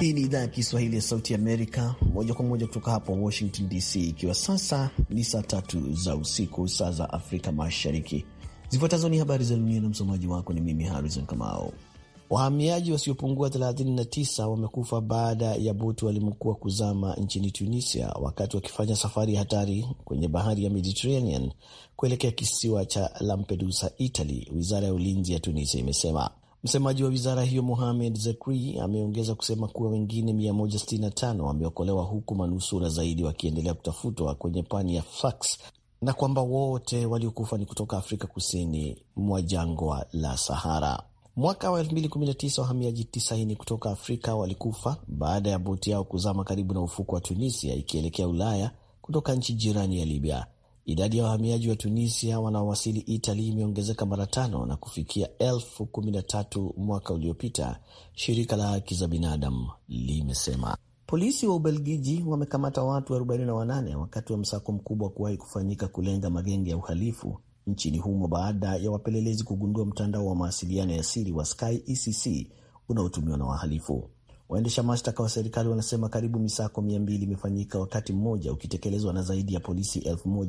Hii ni idhaa ya Kiswahili ya Sauti Amerika, moja kwa moja kutoka hapa Washington DC, ikiwa sasa ni saa tatu za usiku, saa za Afrika Mashariki. Zifuatazo ni habari za dunia, na msomaji wako ni mimi Harrison Kamao. Wahamiaji wasiopungua 39 wamekufa baada ya boti walimokuwa kuzama nchini Tunisia wakati wakifanya safari hatari kwenye bahari ya Mediterranean kuelekea kisiwa cha Lampedusa, Italy. Wizara ya ulinzi ya Tunisia imesema Msemaji wa wizara hiyo Mohamed Zekri ameongeza kusema kuwa wengine 165 wameokolewa huku manusura zaidi wakiendelea kutafutwa kwenye pwani ya Fax na kwamba wote waliokufa ni kutoka Afrika kusini mwa jangwa la Sahara. Mwaka wa 2019 wahamiaji 90 kutoka Afrika walikufa baada ya boti yao kuzama karibu na ufuko wa Tunisia ikielekea Ulaya kutoka nchi jirani ya Libya. Idadi ya wahamiaji wa Tunisia wanaowasili Itali imeongezeka mara tano na kufikia elfu kumi na tatu mwaka uliopita, shirika la haki za binadamu limesema. Polisi wa Ubelgiji wamekamata watu 48 wakati wa msako mkubwa kuwahi kufanyika kulenga magenge ya uhalifu nchini humo baada ya wapelelezi kugundua mtandao wa mawasiliano ya siri wa Sky ECC unaotumiwa na wahalifu. Waendesha mashtaka wa serikali wanasema karibu misako mia imefanyika wakati mmoja ukitekelezwa na zaidi ya polisi elfu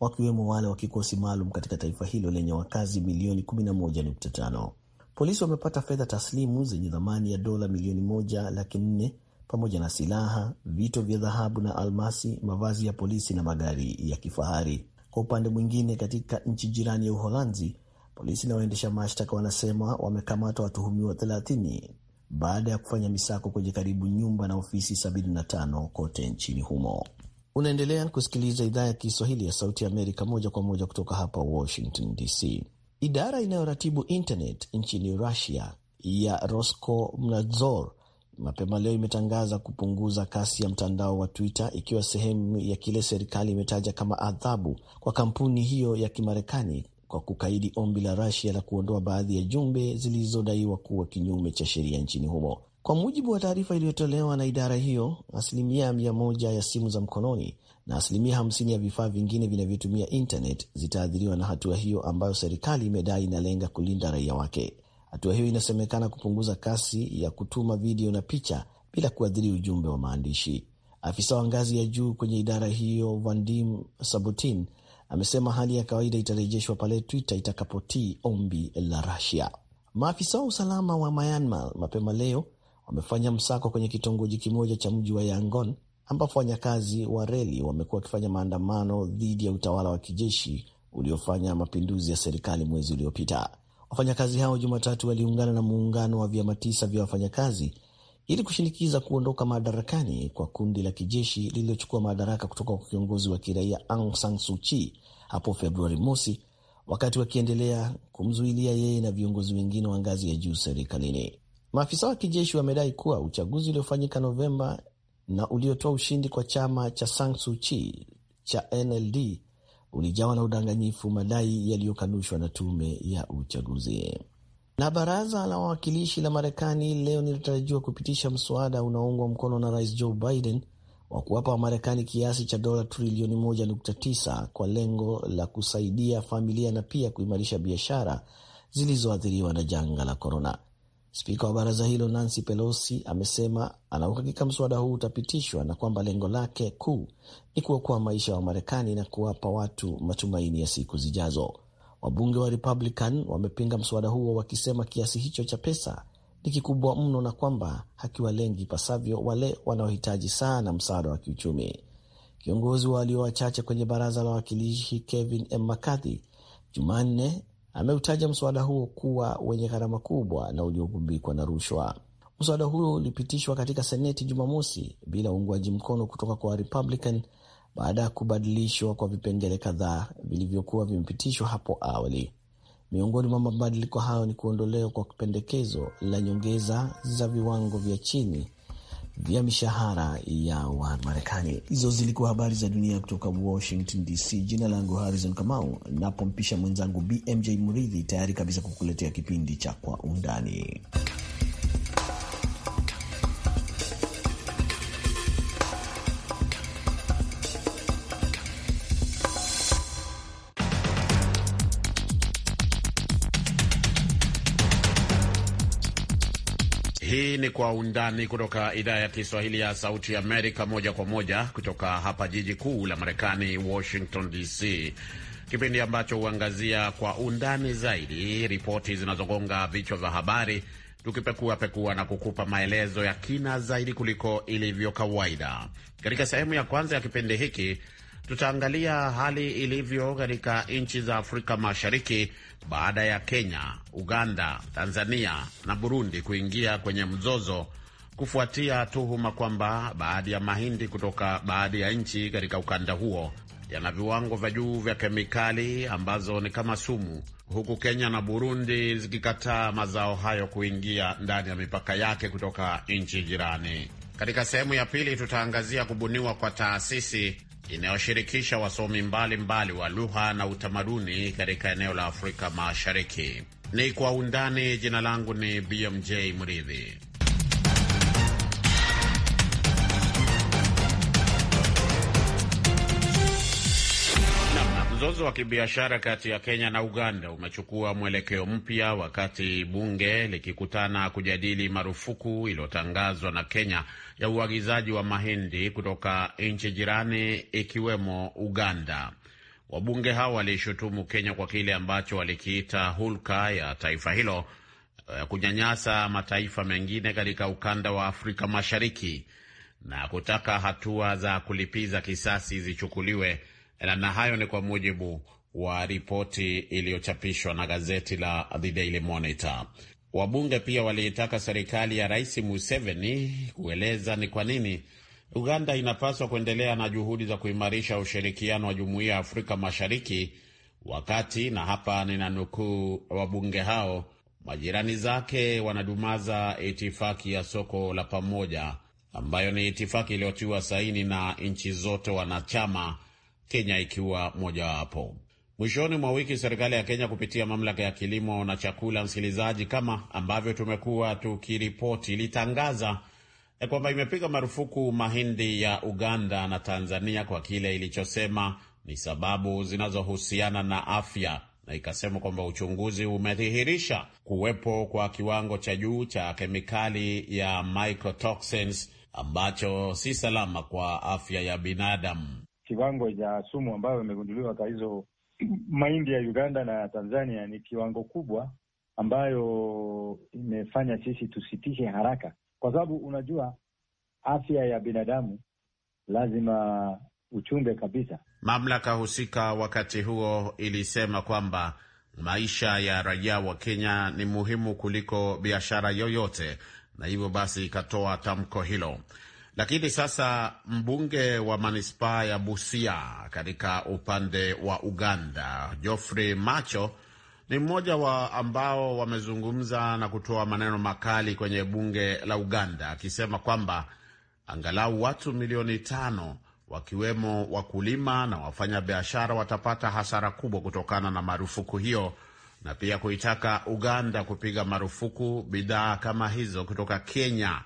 wakiwemo wale wa kikosi maalum katika taifa hilo lenye wakazi milioni 11.5. Polisi wamepata fedha taslimu zenye thamani ya dola milioni moja laki nne pamoja na silaha, vito vya dhahabu na almasi, mavazi ya polisi na magari ya kifahari. Kwa upande mwingine, katika nchi jirani ya Uholanzi, polisi na waendesha mashtaka wanasema wamekamata watuhumiwa 30 baada ya kufanya misako kwenye karibu nyumba na ofisi 75 kote nchini humo. Unaendelea kusikiliza idhaa ya Kiswahili ya Sauti ya Amerika moja kwa moja kutoka hapa Washington DC. Idara inayoratibu internet nchini Russia ya Roskomnadzor mapema leo imetangaza kupunguza kasi ya mtandao wa Twitter ikiwa sehemu ya kile serikali imetaja kama adhabu kwa kampuni hiyo ya Kimarekani kwa kukaidi ombi la rasia la kuondoa baadhi ya jumbe zilizodaiwa kuwa kinyume cha sheria nchini humo. Kwa mujibu wa taarifa iliyotolewa na idara hiyo, asilimia mia moja ya simu za mkononi na asilimia hamsini ya vifaa vingine vinavyotumia internet zitaathiriwa na hatua hiyo ambayo serikali imedai inalenga kulinda raia wake. Hatua hiyo inasemekana kupunguza kasi ya kutuma video na picha bila kuathiri ujumbe wa maandishi. Afisa wa ngazi ya juu kwenye idara hiyo Vandim Sabutin amesema hali ya kawaida itarejeshwa pale Twitter itakapotii ombi la rusia Maafisa wa usalama wa Myanmar mapema leo wamefanya msako kwenye kitongoji kimoja cha mji wa Yangon ambapo wafanyakazi wa reli wamekuwa wakifanya maandamano dhidi ya utawala wa kijeshi uliofanya mapinduzi ya serikali mwezi uliopita. Wafanyakazi hao Jumatatu waliungana na muungano wa vyama tisa vya wafanyakazi ili kushinikiza kuondoka madarakani kwa kundi la kijeshi lililochukua madaraka kutoka kwa kiongozi wa kiraia Aung San Suu Kyi hapo Februari mosi, wakati wakiendelea kumzuilia yeye na viongozi wengine wa ngazi ya juu serikalini. Maafisa wa kijeshi wamedai kuwa uchaguzi uliofanyika Novemba na uliotoa ushindi kwa chama cha San Suu Kyi cha NLD ulijawa na udanganyifu, madai yaliyokanushwa na tume ya uchaguzi. Na baraza la wawakilishi la Marekani leo linatarajiwa kupitisha mswada unaoungwa mkono na rais Joe Biden wa kuwapa Wamarekani kiasi cha dola trilioni 1.9 kwa lengo la kusaidia familia na pia kuimarisha biashara zilizoathiriwa na janga la korona. Spika wa baraza hilo Nancy Pelosi amesema anauhakika mswada huu utapitishwa na kwamba lengo lake kuu ni kuokoa maisha ya Wamarekani na kuwapa watu matumaini ya siku zijazo. Wabunge wa Republican wamepinga mswada huo wakisema kiasi hicho cha pesa ni kikubwa mno na kwamba hakiwalengi pasavyo wale wanaohitaji sana msaada wa kiuchumi. Kiongozi wa walio wachache kwenye baraza la wawakilishi Kevin M. McCarthy Jumanne ameutaja mswada huo kuwa wenye gharama kubwa na uliogubikwa na rushwa. Mswada huo ulipitishwa katika Seneti Jumamosi bila uungwaji mkono kutoka kwa Republican baada ya kubadilishwa kwa vipengele kadhaa vilivyokuwa vimepitishwa hapo awali. Miongoni mwa mabadiliko hayo ni kuondolewa kwa pendekezo la nyongeza za viwango vya chini vya mishahara ya Wamarekani. Hizo zilikuwa habari za dunia kutoka Washington DC. Jina langu Harrison Kamau, napompisha mwenzangu BMJ Muridhi, tayari kabisa kukuletea kipindi cha Kwa Undani. Kwa Undani kutoka idhaa ya Kiswahili ya Sauti ya Amerika, moja kwa moja kutoka hapa jiji kuu la Marekani, Washington DC, kipindi ambacho huangazia kwa undani zaidi ripoti zinazogonga vichwa vya habari, tukipekua pekua na kukupa maelezo ya kina zaidi kuliko ilivyo kawaida. Katika sehemu ya kwanza ya kipindi hiki Tutaangalia hali ilivyo katika nchi za Afrika Mashariki baada ya Kenya, Uganda, Tanzania na Burundi kuingia kwenye mzozo kufuatia tuhuma kwamba baadhi ya mahindi kutoka baadhi ya nchi katika ukanda huo yana viwango vya juu vya kemikali ambazo ni kama sumu, huku Kenya na Burundi zikikataa mazao hayo kuingia ndani ya mipaka yake kutoka nchi jirani. Katika sehemu ya pili tutaangazia kubuniwa kwa taasisi inayoshirikisha wasomi mbalimbali wa lugha na utamaduni katika eneo la Afrika Mashariki. Ni kwa undani. Jina langu ni BMJ Mridhi. Mzozo wa kibiashara kati ya Kenya na Uganda umechukua mwelekeo mpya wakati bunge likikutana kujadili marufuku iliyotangazwa na Kenya ya uagizaji wa mahindi kutoka nchi jirani ikiwemo Uganda. Wabunge hao walishutumu Kenya kwa kile ambacho walikiita hulka ya taifa hilo ya eh, kunyanyasa mataifa mengine katika ukanda wa Afrika Mashariki na kutaka hatua za kulipiza kisasi zichukuliwe na hayo ni kwa mujibu wa ripoti iliyochapishwa na gazeti la The Daily Monitor. Wabunge pia waliitaka serikali ya Rais Museveni kueleza ni kwa nini Uganda inapaswa kuendelea na juhudi za kuimarisha ushirikiano wa Jumuiya ya Afrika Mashariki wakati, na hapa ninanukuu wabunge hao, majirani zake wanadumaza itifaki ya soko la pamoja ambayo ni itifaki iliyotiwa saini na nchi zote wanachama Kenya ikiwa mojawapo. Mwishoni mwa wiki serikali ya Kenya kupitia mamlaka ya kilimo na chakula, msikilizaji, kama ambavyo tumekuwa tukiripoti, ilitangaza eh, kwamba imepiga marufuku mahindi ya Uganda na Tanzania kwa kile ilichosema ni sababu zinazohusiana na afya, na ikasema kwamba uchunguzi umedhihirisha kuwepo kwa kiwango cha juu cha kemikali ya mycotoxins ambacho si salama kwa afya ya binadamu kiwango cha sumu ambayo imegunduliwa kwa hizo mahindi ya Uganda na Tanzania ni kiwango kubwa, ambayo imefanya sisi tusitishe haraka, kwa sababu unajua afya ya binadamu lazima uchunge kabisa. Mamlaka husika wakati huo ilisema kwamba maisha ya raia wa Kenya ni muhimu kuliko biashara yoyote, na hivyo basi ikatoa tamko hilo. Lakini sasa mbunge wa manispaa ya Busia katika upande wa Uganda, Geoffrey Macho ni mmoja wa ambao wamezungumza na kutoa maneno makali kwenye bunge la Uganda akisema kwamba angalau watu milioni tano wakiwemo wakulima na wafanyabiashara watapata hasara kubwa kutokana na marufuku hiyo, na pia kuitaka Uganda kupiga marufuku bidhaa kama hizo kutoka Kenya,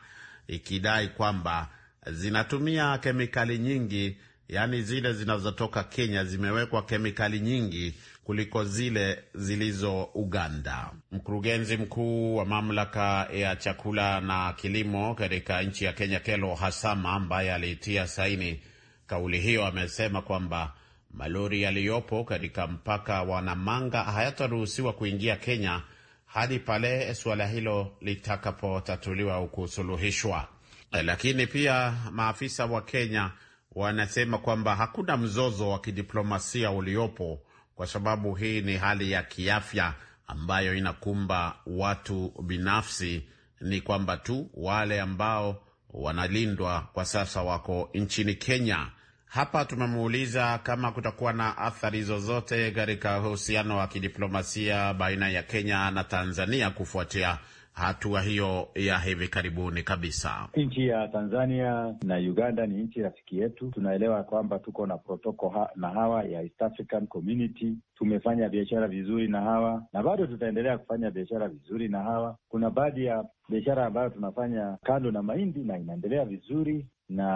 ikidai kwamba zinatumia kemikali nyingi, yaani zile zinazotoka Kenya zimewekwa kemikali nyingi kuliko zile zilizo Uganda. Mkurugenzi mkuu wa mamlaka ya chakula na kilimo katika nchi ya Kenya, Kelo Hasama, ambaye aliitia saini kauli hiyo, amesema kwamba malori yaliyopo katika mpaka wa Namanga hayataruhusiwa kuingia Kenya hadi pale suala hilo litakapotatuliwa au kusuluhishwa. Eh, lakini pia maafisa wa Kenya wanasema kwamba hakuna mzozo wa kidiplomasia uliopo kwa sababu hii ni hali ya kiafya ambayo inakumba watu binafsi. Ni kwamba tu wale ambao wanalindwa kwa sasa wako nchini Kenya. Hapa tumemuuliza kama kutakuwa na athari zozote katika uhusiano wa kidiplomasia baina ya Kenya na Tanzania kufuatia hatua hiyo ya hivi karibuni kabisa. Nchi ya Tanzania na Uganda ni nchi rafiki yetu, tunaelewa kwamba tuko na protoko ha na hawa ya East African Community. Tumefanya biashara vizuri na hawa na bado tutaendelea kufanya biashara vizuri na hawa. Kuna baadhi ya biashara ambayo tunafanya kando na mahindi na inaendelea vizuri, na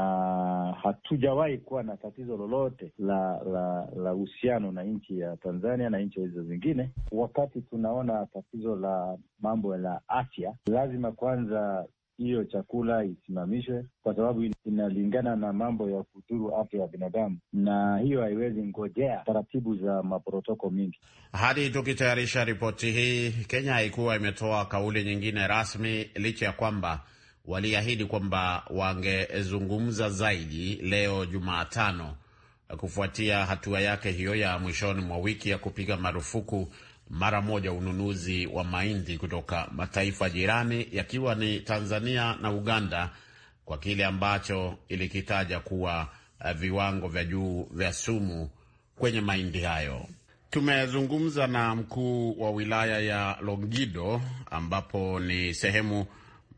hatujawahi kuwa na tatizo lolote la la la uhusiano na nchi ya Tanzania na nchi hizo zingine. Wakati tunaona tatizo la mambo la afya, lazima kwanza hiyo chakula isimamishwe kwa sababu inalingana na mambo ya kudhuru afya ya binadamu, na hiyo haiwezi ngojea taratibu za maprotoko mingi. Hadi tukitayarisha ripoti hii, Kenya haikuwa imetoa kauli nyingine rasmi licha ya kwamba waliahidi kwamba wangezungumza zaidi leo Jumatano kufuatia hatua yake hiyo ya mwishoni mwa wiki ya kupiga marufuku mara moja ununuzi wa mahindi kutoka mataifa jirani yakiwa ni Tanzania na Uganda kwa kile ambacho ilikitaja kuwa eh, viwango vya juu vya sumu kwenye mahindi hayo. Tumezungumza na mkuu wa wilaya ya Longido ambapo ni sehemu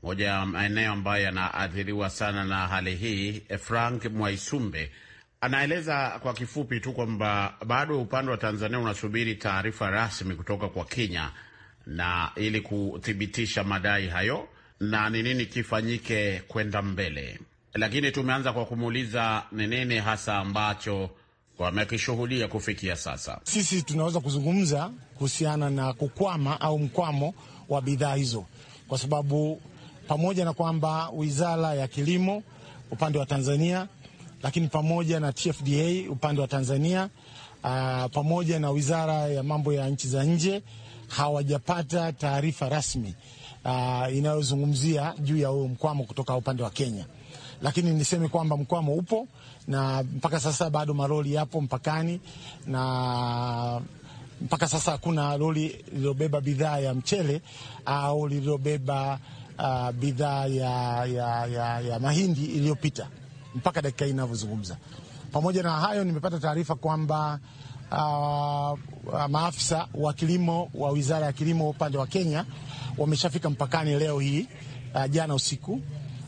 moja ya maeneo ambayo yanaathiriwa sana na hali hii, eh, Frank Mwaisumbe anaeleza kwa kifupi tu kwamba bado upande wa Tanzania unasubiri taarifa rasmi kutoka kwa Kenya na ili kuthibitisha madai hayo na ni nini kifanyike kwenda mbele. Lakini tumeanza kwa kumuuliza ni nini hasa ambacho wamekishuhudia kufikia sasa. Sisi tunaweza kuzungumza kuhusiana na kukwama au mkwamo wa bidhaa hizo, kwa sababu pamoja na kwamba wizara ya kilimo upande wa Tanzania, lakini pamoja na TFDA upande wa Tanzania Uh, pamoja na wizara ya mambo ya nchi za nje hawajapata taarifa rasmi uh, inayozungumzia juu ya huo mkwamo kutoka upande wa Kenya, lakini niseme kwamba mkwamo upo na mpaka sasa bado maroli yapo mpakani, na mpaka sasa hakuna lori lililobeba bidhaa ya mchele au lililobeba uh, bidhaa ya, ya, ya, ya mahindi iliyopita mpaka dakika hii inavyozungumza. Pamoja na hayo, nimepata taarifa kwamba uh, maafisa wa kilimo wa wizara ya kilimo upande wa Kenya wameshafika mpakani leo hii uh, jana usiku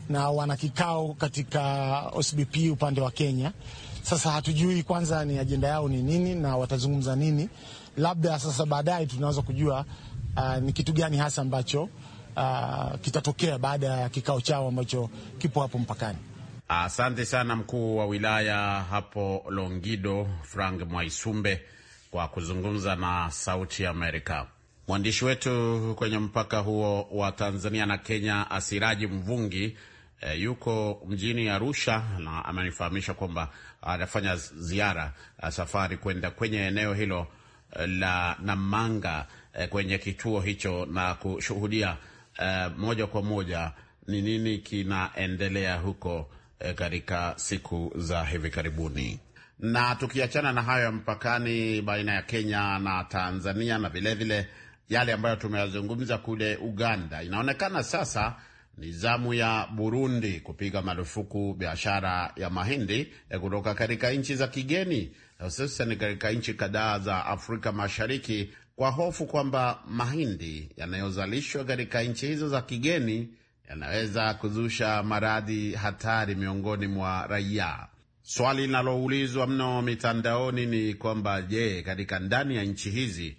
na wana kikao katika OSBP upande wa Kenya. Sasa hatujui kwanza ni ajenda yao ni nini na watazungumza nini. Labda sasa baadaye tunaweza kujua uh, ni kitu gani hasa ambacho uh, kitatokea baada ya kikao chao ambacho kipo hapo mpakani. Asante sana mkuu wa wilaya hapo Longido, Frank Mwaisumbe, kwa kuzungumza na Sauti ya Amerika. Mwandishi wetu kwenye mpaka huo wa Tanzania na Kenya, Asiraji Mvungi, e, yuko mjini Arusha na amenifahamisha kwamba anafanya ziara eh, safari kwenda kwenye eneo hilo eh, la Namanga, e, kwenye kituo hicho na kushuhudia uh, moja kwa moja ni nini kinaendelea huko eh, katika siku za hivi karibuni. Na tukiachana na hayo ya mpakani baina ya Kenya na Tanzania na vilevile yale ambayo tumeyazungumza kule Uganda, inaonekana sasa ni zamu ya Burundi kupiga marufuku biashara ya mahindi eh, kutoka katika nchi za kigeni, hususan katika nchi kadhaa za Afrika Mashariki kwa hofu kwamba mahindi yanayozalishwa katika nchi hizo za kigeni yanaweza kuzusha maradhi hatari miongoni mwa raia. Swali linaloulizwa mno mitandaoni ni kwamba je, katika ndani ya nchi hizi,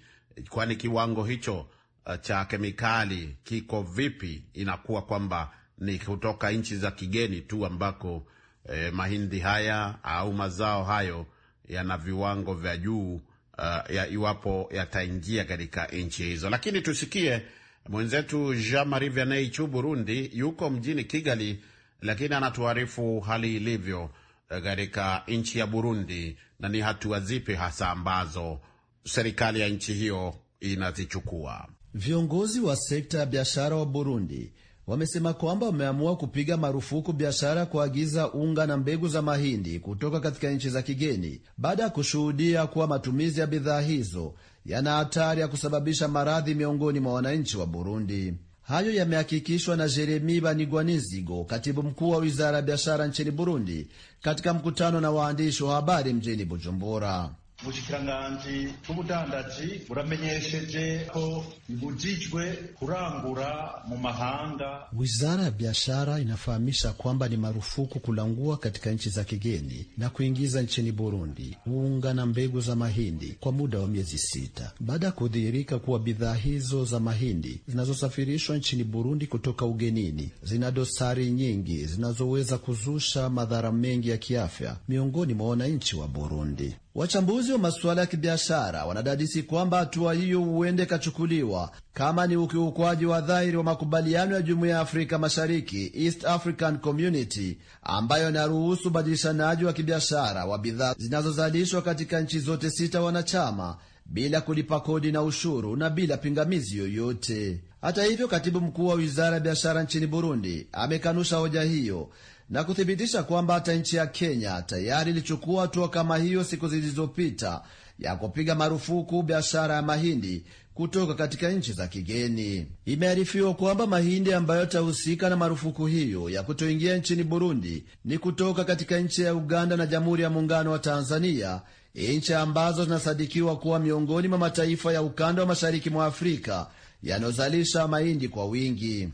kwani kiwango hicho uh, cha kemikali kiko vipi? Inakuwa kwamba ni kutoka nchi za kigeni tu ambako eh, mahindi haya au mazao hayo yana viwango vya juu uh, ya iwapo yataingia katika nchi hizo. Lakini tusikie mwenzetu Jean Marie Vianney Chu Burundi, yuko mjini Kigali, lakini anatuarifu hali ilivyo uh, katika nchi ya Burundi na ni hatua zipi hasa ambazo serikali ya nchi hiyo inazichukua. Viongozi wa sekta ya biashara wa Burundi wamesema kwamba wameamua kupiga marufuku biashara kuagiza unga na mbegu za mahindi kutoka katika nchi za kigeni baada ya kushuhudia kuwa matumizi ya bidhaa hizo yana hatari ya kusababisha maradhi miongoni mwa wananchi wa Burundi. Hayo yamehakikishwa na Jeremi Banigwanizigo, katibu mkuu wa wizara ya biashara nchini Burundi, katika mkutano na waandishi wa habari mjini Bujumbura ubushikiranganji bw'ubudandaji buramenyesheje ko ibujijwe kurangura mu mahanga. Wizara ya biashara inafahamisha kwamba ni marufuku kulangua katika nchi za kigeni na kuingiza nchini Burundi unga na mbegu za mahindi kwa muda wa miezi sita baada ya kudhihirika kuwa bidhaa hizo za mahindi zinazosafirishwa nchini Burundi kutoka ugenini zina dosari nyingi zinazoweza kuzusha madhara mengi ya kiafya miongoni mwa wananchi wa Burundi. Wachambuzi wa masuala ya kibiashara wanadadisi kwamba hatua hiyo huende ikachukuliwa kama ni ukiukwaji wa dhahiri wa makubaliano ya Jumuiya ya Afrika Mashariki, East African Community, ambayo inaruhusu ubadilishanaji wa kibiashara wa bidhaa zinazozalishwa katika nchi zote sita wanachama bila kulipa kodi na ushuru na bila pingamizi yoyote. Hata hivyo, katibu mkuu wa wizara ya biashara nchini Burundi amekanusha hoja hiyo na kuthibitisha kwamba hata nchi ya Kenya tayari ilichukua hatua kama hiyo siku zilizopita ya kupiga marufuku biashara ya mahindi kutoka katika nchi za kigeni. Imearifiwa kwamba mahindi ambayo yatahusika na marufuku hiyo ya kutoingia nchini Burundi ni kutoka katika nchi ya Uganda na Jamhuri ya Muungano wa Tanzania, nchi ambazo zinasadikiwa kuwa miongoni mwa mataifa ya ukanda wa mashariki mwa Afrika yanayozalisha mahindi kwa wingi.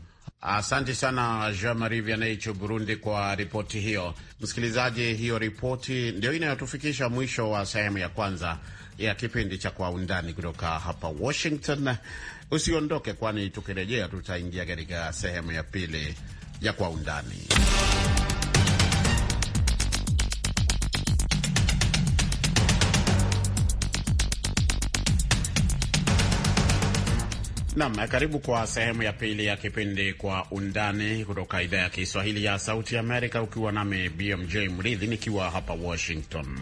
Asante sana Jean Marie Vianney Burundi kwa ripoti hiyo. Msikilizaji, hiyo ripoti ndio inayotufikisha mwisho wa sehemu ya kwanza ya kipindi cha Kwa Undani kutoka hapa Washington. Usiondoke, kwani tukirejea tutaingia katika sehemu ya pili ya Kwa Undani. Nam, karibu kwa sehemu ya pili ya kipindi Kwa Undani kutoka idhaa ya Kiswahili ya Sauti Amerika, ukiwa nami BMJ Mridhi nikiwa hapa Washington.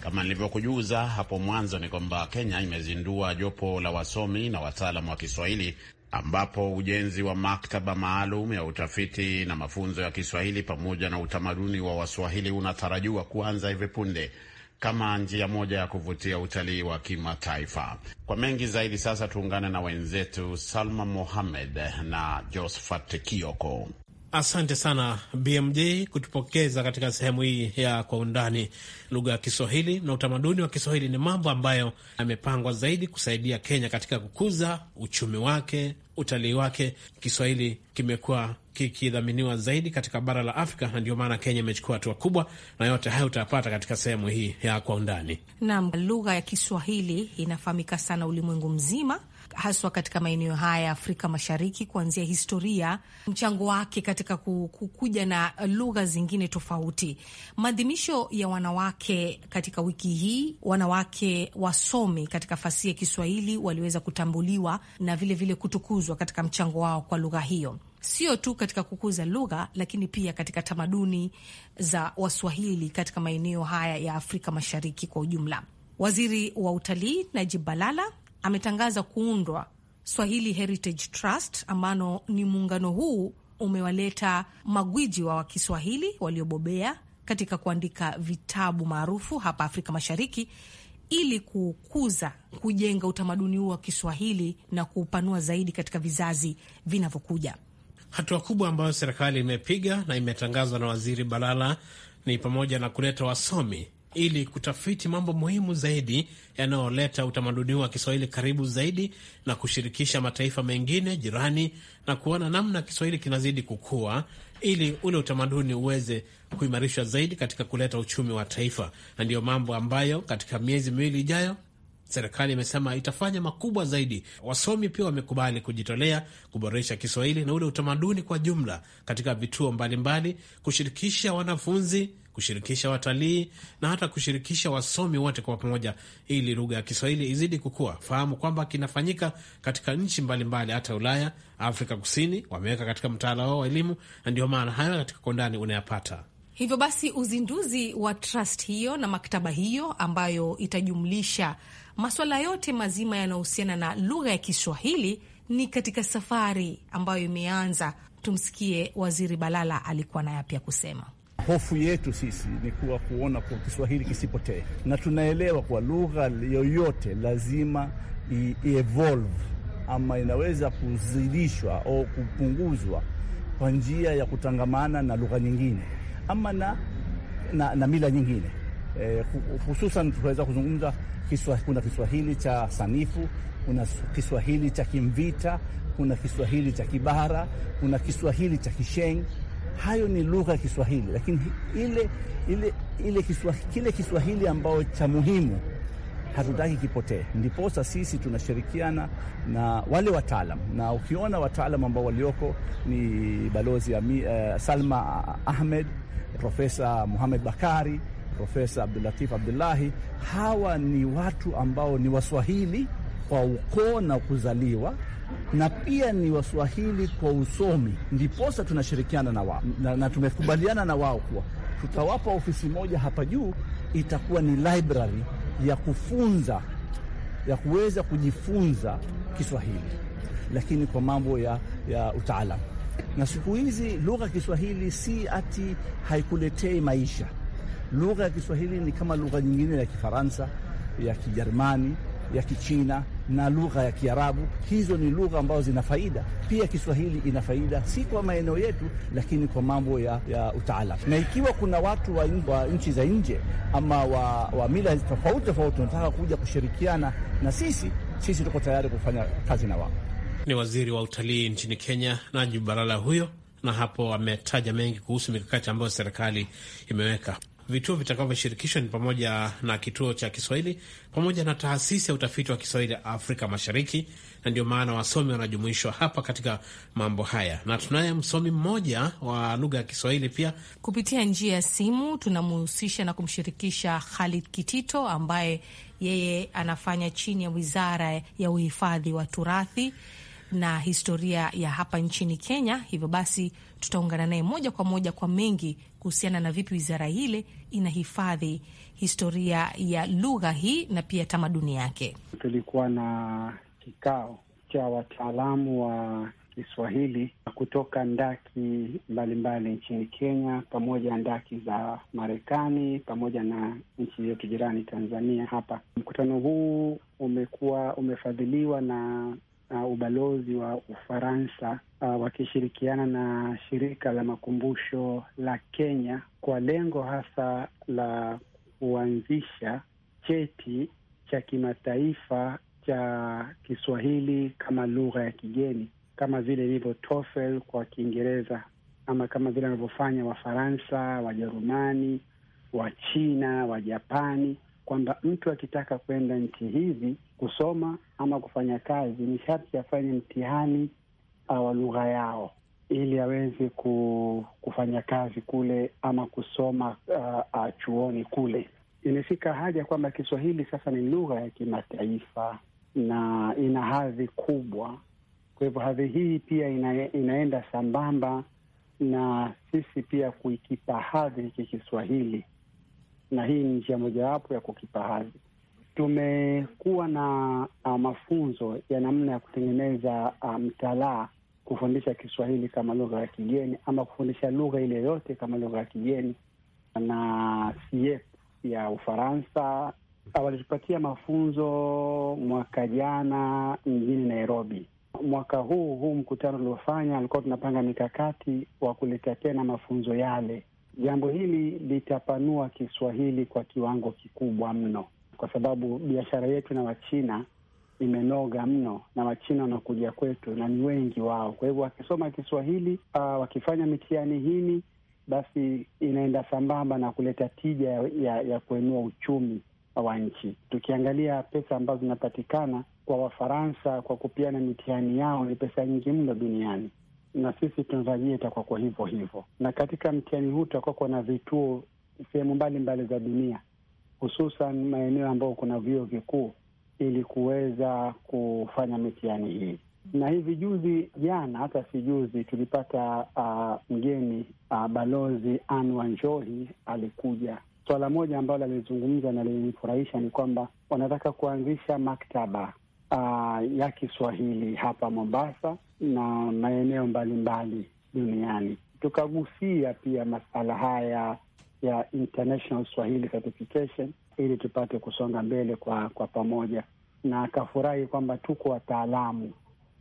Kama nilivyokujuza hapo mwanzo, ni kwamba Kenya imezindua jopo la wasomi na wataalamu wa Kiswahili ambapo ujenzi wa maktaba maalum ya utafiti na mafunzo ya Kiswahili pamoja na utamaduni wa Waswahili unatarajiwa kuanza hivi punde kama njia moja ya kuvutia utalii wa kimataifa. Kwa mengi zaidi, sasa tuungane na wenzetu Salma Mohamed na josphat Kioko. Asante sana BMJ kutupokeza katika sehemu hii ya kwa undani. Lugha ya Kiswahili na utamaduni wa Kiswahili ni mambo ambayo yamepangwa zaidi kusaidia Kenya katika kukuza uchumi wake, utalii wake. Kiswahili kimekuwa kikidhaminiwa zaidi katika bara la Afrika na ndio maana Kenya imechukua hatua kubwa, na yote hayo utayapata katika sehemu hii ya kwa undani. Naam, lugha ya Kiswahili inafahamika sana ulimwengu mzima haswa katika maeneo haya ya Afrika Mashariki, kuanzia historia, mchango wake katika kukuja na lugha zingine tofauti. Maadhimisho ya wanawake katika wiki hii, wanawake wasomi katika fasihi ya Kiswahili waliweza kutambuliwa na vilevile vile kutukuzwa katika mchango wao kwa lugha hiyo sio tu katika kukuza lugha lakini pia katika tamaduni za Waswahili katika maeneo haya ya Afrika Mashariki kwa ujumla. Waziri wa Utalii Najib Balala ametangaza kuundwa Swahili Heritage Trust ambano ni muungano huu umewaleta magwiji wa Kiswahili waliobobea katika kuandika vitabu maarufu hapa Afrika Mashariki ili kukuza kujenga utamaduni huu wa Kiswahili na kuupanua zaidi katika vizazi vinavyokuja. Hatua kubwa ambayo serikali imepiga na imetangazwa na Waziri Balala ni pamoja na kuleta wasomi ili kutafiti mambo muhimu zaidi yanayoleta utamaduni wa Kiswahili karibu zaidi na kushirikisha mataifa mengine jirani na kuona namna Kiswahili kinazidi kukua ili ule utamaduni uweze kuimarishwa zaidi katika kuleta uchumi wa taifa, na ndiyo mambo ambayo katika miezi miwili ijayo serikali imesema itafanya makubwa zaidi. Wasomi pia wamekubali kujitolea kuboresha Kiswahili na ule utamaduni kwa jumla katika vituo mbalimbali, kushirikisha wanafunzi kushirikisha watalii na hata kushirikisha wasomi wote kwa pamoja, ili lugha ya Kiswahili izidi kukua. Fahamu kwamba kinafanyika katika nchi mbalimbali, hata Ulaya, Afrika Kusini wameweka katika mtaala wao wa elimu, na ndio maana hayo katika kondani unayapata. Hivyo basi uzinduzi wa trust hiyo na maktaba hiyo ambayo itajumlisha maswala yote mazima yanayohusiana na lugha ya Kiswahili ni katika safari ambayo imeanza. Tumsikie Waziri Balala alikuwa na kusema. Hofu yetu sisi ni kuwa kuona kwa Kiswahili kisipotee, na tunaelewa kwa lugha yoyote lazima evolve ama inaweza kuzidishwa au kupunguzwa kwa njia ya kutangamana na lugha nyingine ama na, na, na mila nyingine e, hususan tunaweza kuzungumza kiswa, kuna Kiswahili cha sanifu, kuna Kiswahili cha Kimvita, kuna Kiswahili cha Kibara, kuna Kiswahili cha Kisheng hayo ni lugha ya Kiswahili, lakini ile, ile, ile Kiswahili, kile Kiswahili ambao cha muhimu hatutaki kipotee. Ndiposa sisi tunashirikiana na wale wataalam, na ukiona wataalam ambao walioko ni balozi Ami, uh, Salma Ahmed, Profesa Muhamed Bakari, Profesa Abdulatif Abdullahi. Hawa ni watu ambao ni Waswahili kwa ukoo na kuzaliwa na pia ni Waswahili kwa usomi, ndiposa tunashirikiana na wao na, na tumekubaliana na wao kuwa tutawapa ofisi moja hapa juu, itakuwa ni library ya kufunza ya kuweza kujifunza Kiswahili, lakini kwa mambo ya, ya utaalamu. Na siku hizi lugha ya Kiswahili si ati haikuletei maisha. Lugha ya Kiswahili ni kama lugha nyingine ya Kifaransa, ya Kijerumani ya Kichina na lugha ya Kiarabu. Hizo ni lugha ambazo zina faida. Pia Kiswahili ina faida, si kwa maeneo yetu, lakini kwa mambo ya, ya utaalam. Na ikiwa kuna watu wa, wa nchi za nje ama wa, wa mila tofauti tofauti wanataka kuja kushirikiana na sisi, sisi tuko tayari kufanya kazi na wao. Ni waziri wa utalii nchini Kenya, Najib Balala huyo, na hapo ametaja mengi kuhusu mikakati ambayo serikali imeweka. Vituo vitakavyoshirikishwa ni pamoja na kituo cha Kiswahili pamoja na taasisi ya utafiti wa Kiswahili Afrika Mashariki, na ndio maana wasomi wanajumuishwa hapa katika mambo haya, na tunaye msomi mmoja wa lugha ya Kiswahili pia. Kupitia njia ya simu tunamhusisha na kumshirikisha Khalid Kitito ambaye yeye anafanya chini ya Wizara ya Uhifadhi wa Turathi na historia ya hapa nchini Kenya. Hivyo basi tutaungana naye moja kwa moja kwa mengi kuhusiana na vipi wizara ile inahifadhi historia ya lugha hii na pia tamaduni yake. Tulikuwa na kikao cha wataalamu wa Kiswahili kutoka ndaki mbalimbali nchini Kenya pamoja na ndaki za Marekani pamoja na nchi yetu jirani Tanzania. Hapa mkutano huu umekuwa umefadhiliwa na uh, ubalozi wa Ufaransa uh, wakishirikiana na shirika la makumbusho la Kenya kwa lengo hasa la kuanzisha cheti cha kimataifa cha Kiswahili kama lugha ya kigeni kama vile ilivyo TOEFL kwa Kiingereza ama kama vile wanavyofanya Wafaransa, Wajerumani, Wachina, Wajapani kwamba mtu akitaka kwenda nchi hizi kusoma ama kufanya kazi ni sharti afanye mtihani uh, wa lugha yao ili aweze kufanya kazi kule ama kusoma uh, uh, chuoni kule. Imefika haja kwamba Kiswahili sasa ni lugha ya kimataifa na ina hadhi kubwa. Kwa hivyo hadhi hii pia ina, inaenda sambamba na sisi pia kuikipa hadhi hiki Kiswahili na hii ni njia mojawapo ya kukipa hadhi. Tumekuwa na uh, mafunzo ya namna ya kutengeneza uh, mtalaa kufundisha Kiswahili kama lugha ya kigeni ama kufundisha lugha ile yote kama lugha ya kigeni, na CIEP ya Ufaransa walitupatia mafunzo mwaka jana mjini Nairobi. Mwaka huu huu mkutano uliofanya, alikuwa tunapanga mikakati wa kuleta tena mafunzo yale Jambo hili litapanua Kiswahili kwa kiwango kikubwa mno, kwa sababu biashara yetu na Wachina imenoga mno, na Wachina wanakuja kwetu na ni wengi wao. Kwa hivyo wakisoma Kiswahili, uh, wakifanya mitihani hini, basi inaenda sambamba na kuleta tija ya, ya, ya kuinua uchumi wa nchi. Tukiangalia pesa ambazo zinapatikana kwa Wafaransa kwa kupiana mitihani yao ni pesa nyingi mno duniani na sisi Tanzania itakuwa kwa hivyo hivyo, na katika mtihani huu tutakuwa na vituo sehemu mbalimbali za dunia, hususan maeneo ambayo kuna vyuo vikuu ili kuweza kufanya mitihani hii. Na hivi juzi jana, hata si juzi, tulipata uh, mgeni uh, Balozi Anwa Njohi alikuja. Swala moja ambalo alizungumza na linifurahisha ni kwamba wanataka kuanzisha maktaba uh, ya Kiswahili hapa Mombasa na maeneo mbalimbali duniani. Tukagusia pia masala haya ya International Swahili Certification ili tupate kusonga mbele kwa kwa pamoja, na akafurahi kwamba tuko wataalamu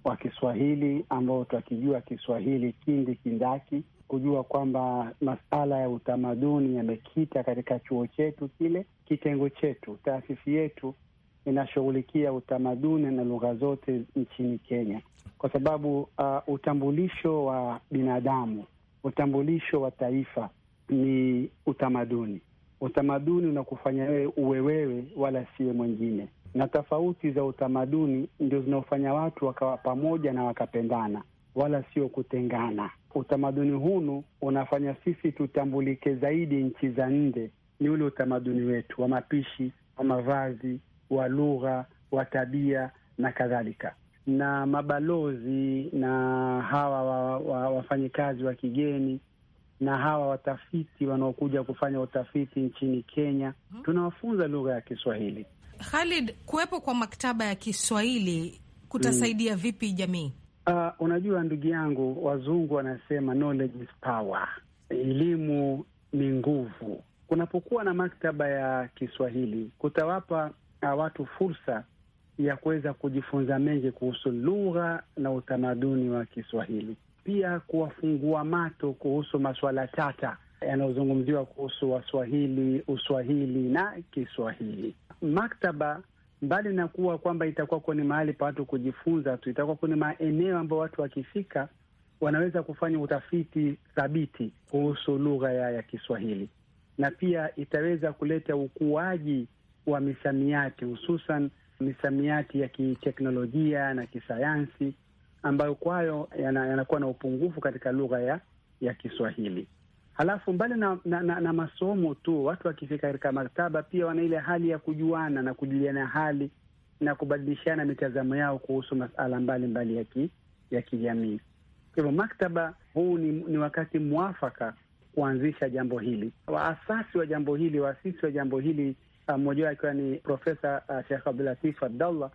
wa Kiswahili ambao twakijua Kiswahili kindi kindaki, kujua kwamba masala ya utamaduni yamekita katika chuo chetu kile, kitengo chetu, taasisi yetu inashughulikia utamaduni na lugha zote nchini Kenya kwa sababu uh, utambulisho wa binadamu, utambulisho wa taifa ni utamaduni. Utamaduni unakufanya wewe uwe wewe, wala siwe mwingine, na tofauti za utamaduni ndio zinaofanya watu wakawa pamoja na wakapendana, wala sio kutengana. Utamaduni hunu unafanya sisi tutambulike zaidi nchi za nje, ni ule utamaduni wetu wa mapishi, wa mavazi, wa lugha, wa tabia na kadhalika na mabalozi na hawa wa, wa, wafanyikazi wa kigeni na hawa watafiti wanaokuja kufanya utafiti nchini Kenya mhm. Tunawafunza lugha ya Kiswahili. Khalid, kuwepo kwa maktaba ya Kiswahili kutasaidia mm. vipi jamii? Uh, unajua ndugu yangu, wazungu wanasema knowledge is power, elimu ni nguvu. Kunapokuwa na maktaba ya Kiswahili kutawapa uh, watu fursa ya kuweza kujifunza mengi kuhusu lugha na utamaduni wa Kiswahili, pia kuwafungua macho kuhusu masuala tata yanayozungumziwa kuhusu Waswahili, Uswahili na Kiswahili. Maktaba mbali na kuwa kwamba itakuwa ni mahali pa watu kujifunza tu, itakuwa ni maeneo ambayo watu wakifika wanaweza kufanya utafiti thabiti kuhusu lugha ya, ya Kiswahili, na pia itaweza kuleta ukuaji wa misamiati hususan misamiati ya kiteknolojia na kisayansi ambayo kwayo yanakuwa na upungufu katika lugha ya ya Kiswahili. Halafu mbali na, na, na, na masomo tu, watu wakifika katika maktaba pia wana ile hali ya kujuana na kujuliana hali na kubadilishana mitazamo yao kuhusu masala mbalimbali ya ya kijamii. Kwa hivyo maktaba, huu ni, ni wakati mwafaka kuanzisha jambo hili. Waasasi wa jambo hili, waasisi wa jambo hili Ah, mmoja wao akiwa ni Profesa uh, Shekh Abdulatif Abdallah.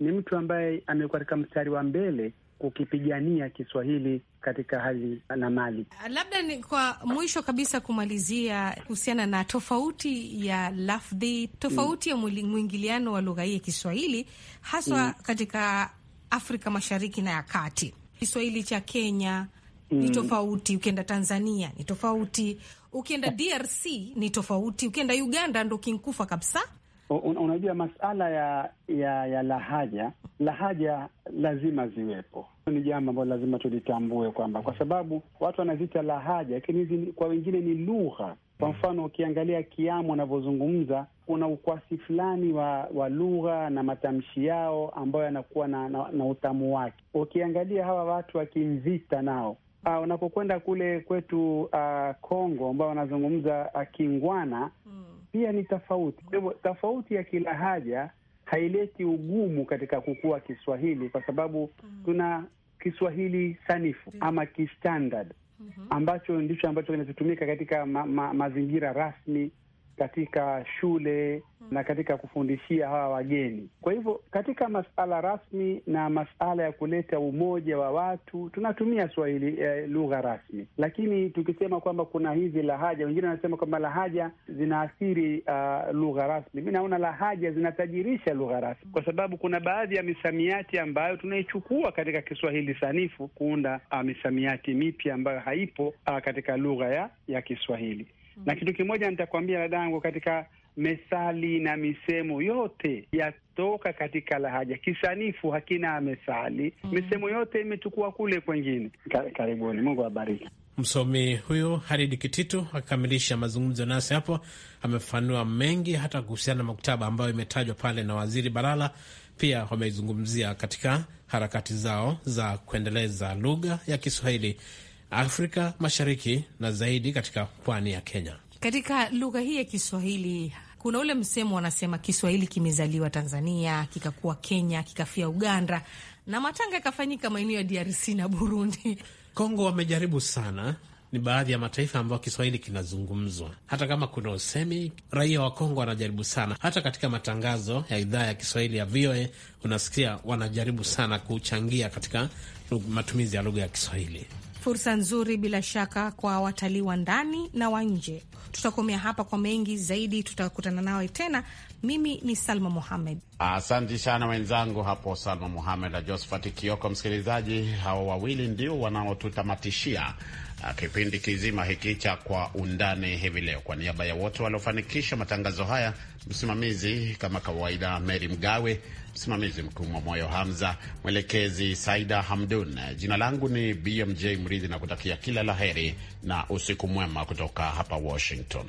Ni mtu ambaye amekuwa katika mstari wa mbele kukipigania Kiswahili katika hali na mali. Ah, labda ni kwa mwisho kabisa kumalizia kuhusiana na tofauti ya lafdhi, tofauti mm. ya mwingiliano wa lugha hii ya Kiswahili haswa mm. katika Afrika Mashariki na ya Kati, Kiswahili cha Kenya ni mm. tofauti. Ukienda Tanzania ni tofauti, ukienda oh. DRC ni tofauti, ukienda Uganda ndo kinkufa kabisa. unajua masala ya, ya ya lahaja lahaja lazima ziwepo. Ni jambo ambalo lazima tulitambue kwamba kwa sababu watu wanazita lahaja, lakini hizi kwa wengine ni lugha. Kwa mm. mfano ukiangalia Kiamu wanavyozungumza kuna ukwasi fulani wa, wa lugha na matamshi yao ambayo yanakuwa na, na, na utamu wake. Ukiangalia hawa watu wa Kimvita nao uh, ah, unapokwenda kule kwetu Kongo ah, ambao wanazungumza uh, Kingwana mm. pia ni tofauti. Kwa hivyo tofauti ya kilahaja haileti ugumu katika kukua Kiswahili kwa sababu mm. tuna Kiswahili sanifu mm. ama kistandard mm -hmm. ambacho ndicho ambacho kinachotumika katika ma, ma, mazingira rasmi katika shule hmm. na katika kufundishia hawa wageni. Kwa hivyo katika masala rasmi na masala ya kuleta umoja wa watu tunatumia Swahili eh, lugha rasmi, lakini tukisema kwamba kuna hizi lahaja, wengine wanasema kwamba lahaja zinaathiri uh, lugha rasmi. Mi naona lahaja zinatajirisha lugha rasmi, kwa sababu kuna baadhi ya misamiati ambayo tunaichukua katika Kiswahili sanifu kuunda uh, misamiati mipya ambayo haipo uh, katika lugha ya, ya Kiswahili. Mm-hmm. na kitu kimoja nitakwambia dadangu, katika methali na misemo yote yatoka katika lahaja kisanifu, hakina methali mm. Mm-hmm. misemo yote imetukua kule kwengine. Karibuni, Mungu abariki. Msomi huyu haridi Kititu akikamilisha mazungumzo nasi hapo, amefanua mengi hata kuhusiana na maktaba ambayo imetajwa pale na Waziri Balala. Pia wameizungumzia katika harakati zao za kuendeleza lugha ya Kiswahili Afrika Mashariki na zaidi katika pwani ya Kenya. Katika lugha hii ya Kiswahili kuna ule msemo wanasema, Kiswahili kimezaliwa Tanzania, kikakuwa Kenya, kikafia Uganda na matanga yakafanyika maeneo ya DRC na Burundi. Kongo wamejaribu sana, ni baadhi ya mataifa ambayo Kiswahili kinazungumzwa. Hata kama kuna usemi, raia wa Kongo wanajaribu sana. Hata katika matangazo ya idhaa ya Kiswahili ya VOA unasikia wanajaribu sana kuchangia katika matumizi ya lugha ya Kiswahili fursa nzuri bila shaka kwa watalii wa ndani na wa nje. Tutakomea hapa, kwa mengi zaidi tutakutana nawe tena mimi ni Salma Muhamed. Asante sana wenzangu hapo Salma Muhamed na Josphat Kioko. Msikilizaji, hawa wawili ndio wanaotutamatishia ah, kipindi kizima hiki cha Kwa Undani hivi leo. Kwa niaba ya wote waliofanikisha matangazo haya, msimamizi kama kawaida Meri Mgawe, msimamizi mkuu wa Moyo Hamza, mwelekezi Saida Hamdun. Jina langu ni BMJ Mridhi na kutakia kila la heri na usiku mwema kutoka hapa Washington.